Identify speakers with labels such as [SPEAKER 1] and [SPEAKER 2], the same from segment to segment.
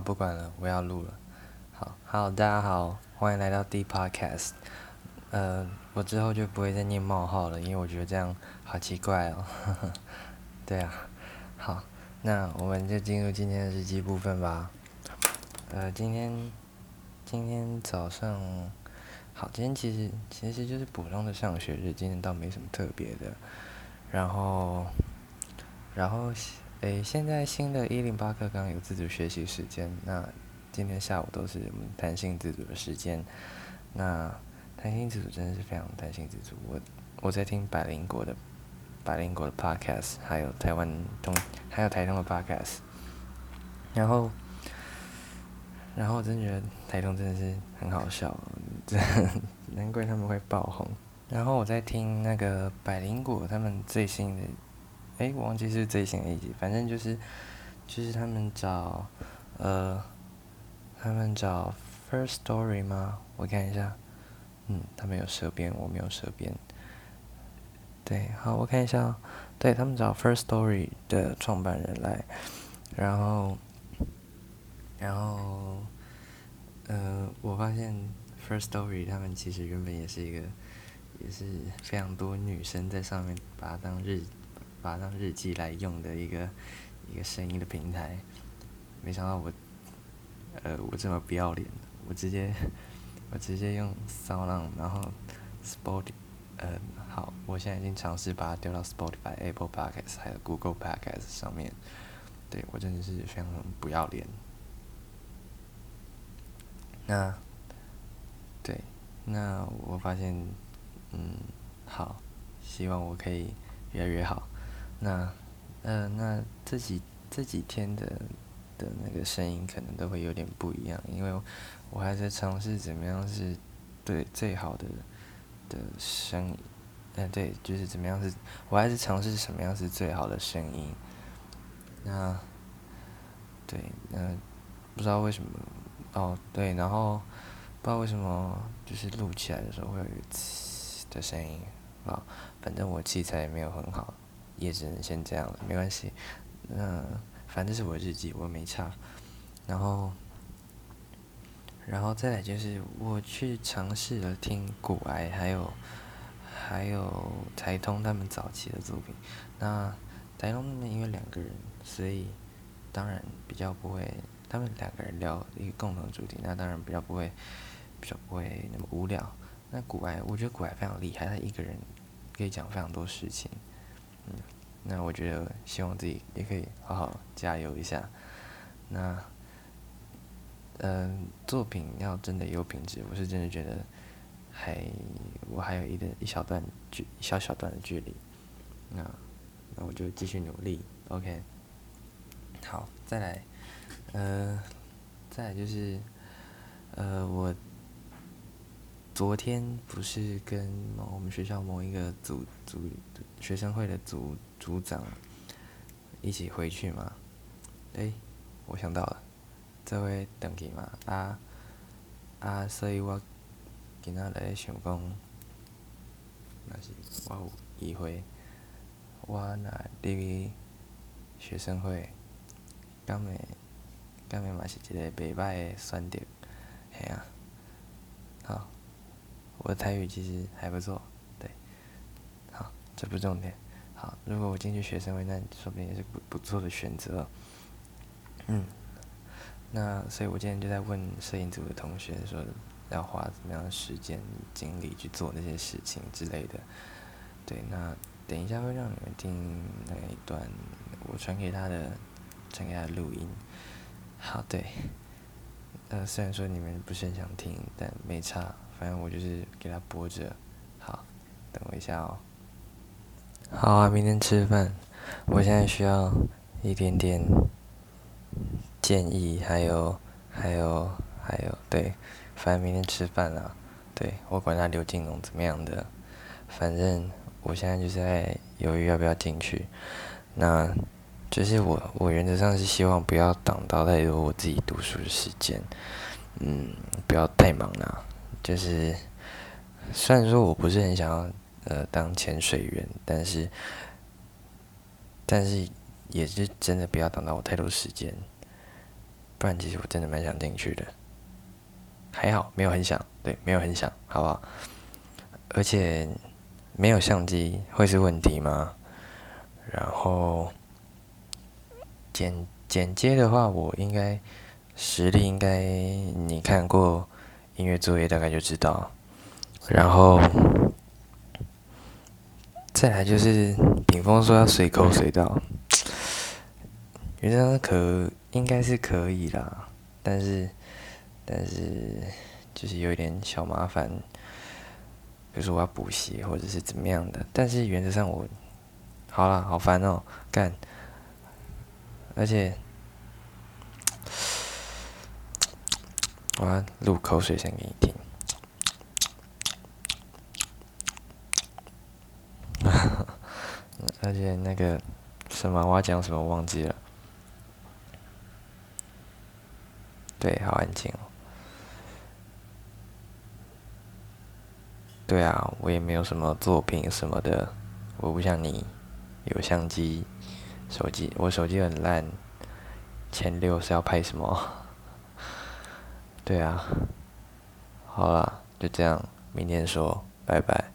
[SPEAKER 1] 不管了，我要錄了。好好，大家好，歡迎來到 Deep Podcast。呃，我之後就不會再念冒號了，因為我覺得這樣好奇怪哦。 對啊。好，那我們就進入今天的日記部分吧。呃，今天，今天早上，好，今天其實其實就是普通的上學日，今天倒沒什麼特別的。然後，然後。誒、欸，現在新的一零八課剛有自主學習時間，那今天下午都是我們彈性自主的時間。那彈性自主真的是非常彈性自主。我我在聽百靈果的百靈果的 podcast，還有台灣東還有台東的 podcast。然後，然後我真的覺得台東真的是很好笑，難怪他們會爆紅。然後我在聽那個百靈果他們最新的。哎，我忘記是最新的一集，反正就是，就是他們找，呃，他們找 First Story 嗎？我看一下，嗯，他們有蛇鞭，我沒有蛇鞭。對，好，我看一下，哦，對，他們找 First Story 的創辦人來，然後，然後，呃，我發現 First Story 他們其實原本也是一個，也是非常多女生在上面把它當日。把它當日記來用的一個一個聲音的平台，沒想到我，呃，我這麼不要臉，我直接我直接用 SoundOn 然後 Spotify 呃，好，我現在已經嘗試把它丟到 Spotify、Apple Podcast 還有 Google Podcast 上面，對，我真的是非常不要臉。那對，那我發現，嗯，好，希望我可以越來越好。那，呃，那這幾這幾天的的那個聲音可能都會有點不一樣，因為我，我還在嘗試怎麼樣是，對最好的，的聲音，嗯、呃，對，就是怎麼樣是，我還在嘗試什麼樣是最好的聲音。那，對，嗯、呃，不知道為什麼，哦，對，然後不知道為什麼就是錄起來的時候會有一個的聲音，啊，反正我器材也沒有很好。也只能先這樣了，沒關係。那反正是我的日記，我也沒差。然後，然後再來就是我去嘗試了聽股癌，還有還有台通他們早期的作品。那台通因為兩個人，所以當然比較不會他們兩個人聊一個共同主題，那當然比較不會比較不會那麼無聊。那股癌，我覺得股癌非常厲害，他一個人可以講非常多事情。那我覺得希望自己也可以好好加油一下。那，呃，作品要真的有品質，我是真的覺得還我還有一點一小段距，一小小段的距離。那那我就繼續努力。OK，好，再來，呃，再來就是，呃，我。昨天不是跟某我們學校某一個組組，組學生會的組組長一起回去嘛？誒，我想到了，做伙回去嘛，啊啊，所以我今仔日想講，若是我有機會，我若入去學生會，咹個咹個嘛，是一個袂歹的選擇，嘿啊，好。我的台語其實還不錯，對，好，這不是重點。好，如果我進去學生會，那說不定也是不不錯的選擇。嗯，那所以我今天就在問攝影組的同學，說要花怎麼樣的時間、精力去做那些事情之類的。對，那等一下會讓你們聽那一段我傳給他的、傳給他的錄音。好，對。呃，雖然說你們不是很想聽，但沒差。反正我就是給他播着，好，等我一下哦。好啊，明天吃飯。我現在需要一點點建議，還有，還有，還有，對，反正明天吃飯啊。對，我管他劉金龍怎麼樣的，反正我現在就是在猶豫要不要進去。那，就是我，我原則上是希望不要擋到太多我自己讀書的時間，嗯，不要太忙啦、啊。就是，雖然說我不是很想要，呃，當潛水員，但是，但是也是真的不要擋到我太多時間，不然其實我真的蠻想進去的。還好沒有很想，對，沒有很想，好不好？而且沒有相機會是問題嗎？然後剪剪接的話，我應該實力應該你看過。音樂作業大概就知道，然後再來就是頂峰說要隨口隨到，原則上可應該是可以啦，但是但是就是有點小麻煩，比如說我要補習或者是怎麼樣的，但是原則上我好啦好煩哦幹，而且。我要錄口水聲給你聽，而 且那，那個什麼，我要講什麼忘記了。對，好安靜哦。對啊，我也沒有什麼作品什麼的，我不像你，有相機，手機，我手機很爛，前六是要拍什麼？對啊，好啦，就這樣，明天說，拜拜。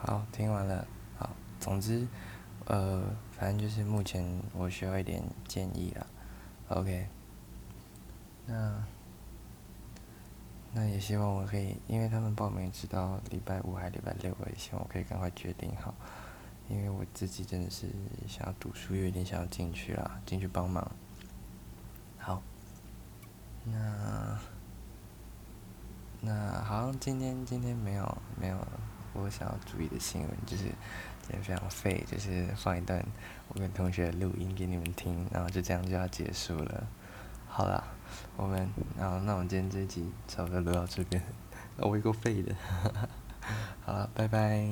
[SPEAKER 1] 好，聽完了，好，總之，呃，反正就是目前我需要一點建議啦。OK，那那也希望我可以，因為他們報名只到禮拜五還禮拜六而已，我希望我可以趕快決定好，因為我自己真的是想要讀書，有點想要進去啦，進去幫忙。那那好像今天今天，沒有沒有我想要注意的新聞，就是今天非常廢，就是放一段我跟同學錄音給你們聽，然後就這樣就要結束了。好了，我們然後那我們今天這集差不多錄到這邊、 啊，我也夠廢的， 好了，拜拜。